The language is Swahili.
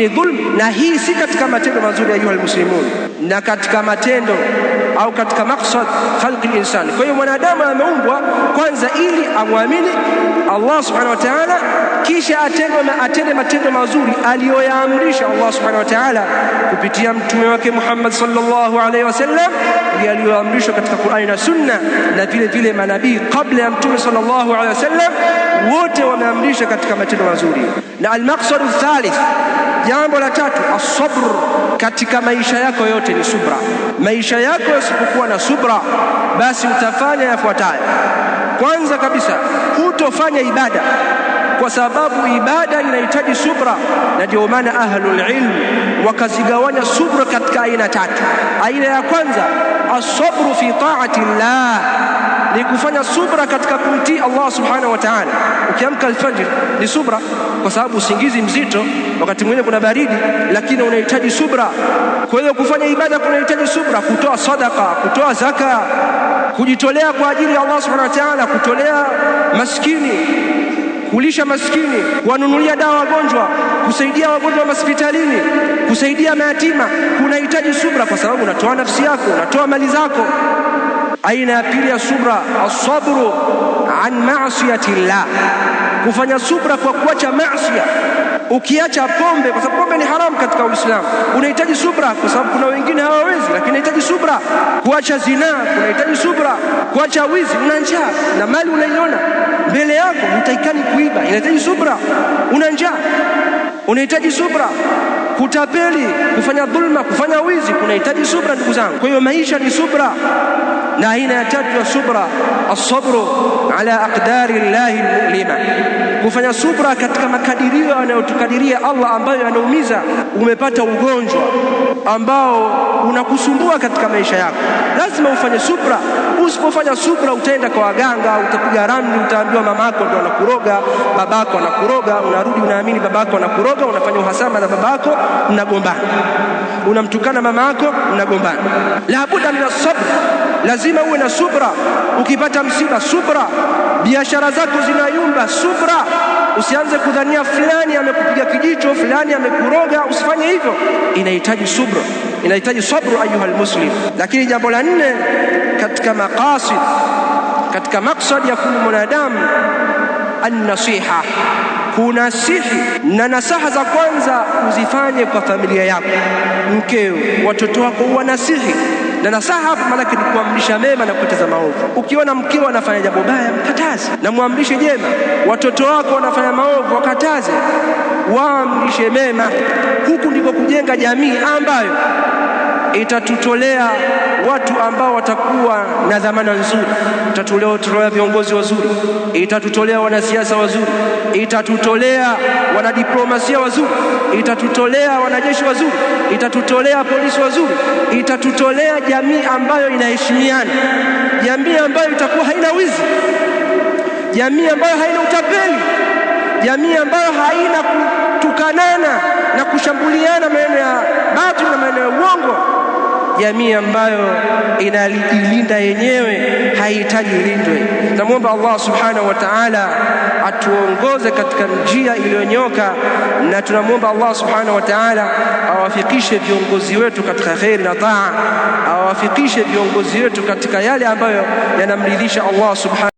Dhulm, na hii si katika matendo mazuri ya ayuha almuslimun, na katika matendo au katika maksad khalqi linsani. Kwa hiyo mwanadamu ameumbwa kwanza ili amwamini Allah subhanahu wa ta'ala, kisha atende matendo mazuri aliyoyaamrisha Allah subhanahu wa ta'ala kupitia mtume wake Muhammad sallallahu alaihi wasallam, aliyoamrishwa katika Qur'ani na Sunna, na vile vile manabii kabla ya mtume sallallahu alaihi wasallam wote wameamrishwa katika matendo mazuri. Na almaksadu thalith Jambo la tatu, asabr. Katika maisha yako yote ni subra. Maisha yako yasipokuwa na subra, basi utafanya yafuatayo. Kwanza kabisa, hutofanya ibada kwa sababu ibada inahitaji subra, na ndio maana ahlul ilm wakazigawanya subra katika aina tatu. Aina ya kwanza, asabru fi taati llah ni kufanya subra katika kumtii Allah subhanahu wa ta'ala. Ukiamka alfajiri ni subra, kwa sababu usingizi mzito, wakati mwingine kuna baridi, lakini unahitaji subra. Kwa hiyo kufanya ibada kunahitaji subra, kutoa sadaka, kutoa zaka, kujitolea kwa ajili ya Allah subhanahu wa ta'ala, kutolea maskini kulisha maskini, kuwanunulia dawa wagonjwa, kusaidia wagonjwa hospitalini, kusaidia mayatima kunahitaji subra, kwa sababu unatoa nafsi yako, unatoa mali zako. Aina ya pili ya subra, asabru an masiyati llah, kufanya subra kwa kuacha masia. Ukiacha pombe, kwa sababu pombe ni haramu katika Uislamu, unahitaji subra, kwa sababu kuna wengine hawawezi, lakini unahitaji subra. Kuacha zinaa unahitaji subra, kuacha wizi, una njaa na mali unaiona mbele yako, hutaikani kuiba, inahitaji subra. Una njaa, unahitaji subra kutapeli, kufanya dhulma, kufanya wizi kunahitaji subra, ndugu zangu. Kwa hiyo maisha ni subra, na aina ya tatu ya subra assabru ala aqdari llahi lmulima, kufanya subra katika makadirio yanayotukadiria Allah ambayo yanaumiza. Umepata ugonjwa ambao unakusumbua katika maisha yako lazima ufanye supra. Usipofanya supra, utaenda kwa waganga, utapiga ramli, utaambiwa mamako ndo anakuroga, babako anakuroga. Unarudi unaamini babako anakuroga, unafanya uhasama na babako, mnagombana, unamtukana mamako, mnagombana. labuda mina sabr, lazima uwe na subra. Ukipata msiba, subra. Biashara zako zinayumba, subra. Usianze kudhania fulani amekupiga kijicho, fulani amekuroga. Usifanye hivyo, inahitaji subra inahitaji sabru ayuha almuslim. Lakini jambo la nne katika maqasid, katika maksad ya kulu mwanadamu, annasiha, kunasihi. Na nasaha za kwanza uzifanye kwa familia yako, mkeo, watoto wako, wanasihi na nasaha hapa maanake ni kuamrisha mema na kukataza maovu. Ukiona mkeo anafanya jambo baya, mkataze na mwamrishe jema. Watoto wako wanafanya maovu, wakataze, waamrishe mema. Huku ndiko kujenga jamii ambayo itatutolea watu ambao watakuwa na dhamana nzuri, itatutolea viongozi wazuri, itatutolea wanasiasa wazuri, itatutolea wanadiplomasia wazuri, itatutolea wanajeshi wazuri, itatutolea polisi wazuri, itatutolea jamii ambayo inaheshimiana, jamii ambayo itakuwa haina wizi, jamii ambayo haina utapeli, jamii ambayo haina kutukanana na kushambuliana maneno ya batu na maneno ya uongo jamii ambayo inajilinda yenyewe haihitaji lindwe Tunamwomba Allah subhanahu wa ta'ala atuongoze katika njia iliyonyoka, na tunamwomba Allah subhanahu wa ta'ala awafikishe viongozi wetu katika kheri na taa, awafikishe viongozi wetu katika yale ambayo yanamridhisha Allah subhanahu